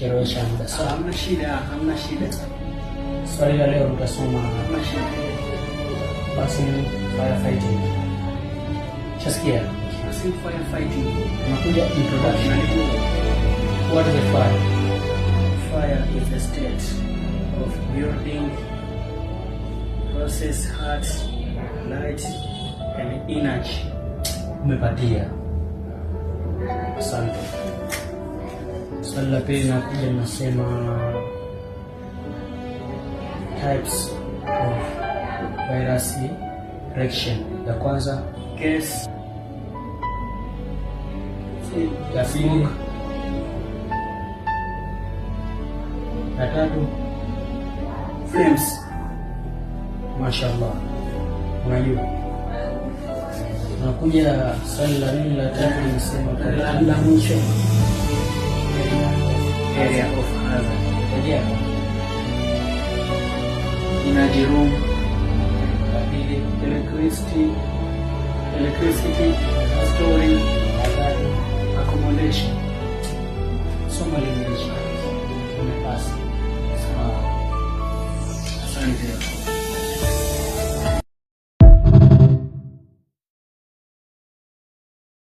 kuchelewesha muda. Hamna shida, hamna shida. Swali la leo Hamna tutasoma passing firefighting. Chasikia? Passing firefighting. Tunakuja introduction. What is a fire? Fire is the state of building, process, heart, light and energy. Umepatia. Asante. Swali la pili nakuja linasema types of virus infection. Ya kwanza case, ya pili, ya tatu flames. mashallah unajua. Nakuja swali la nne la tatu linasema karibu la mwisho area of Gaza. Inajerumu electricity,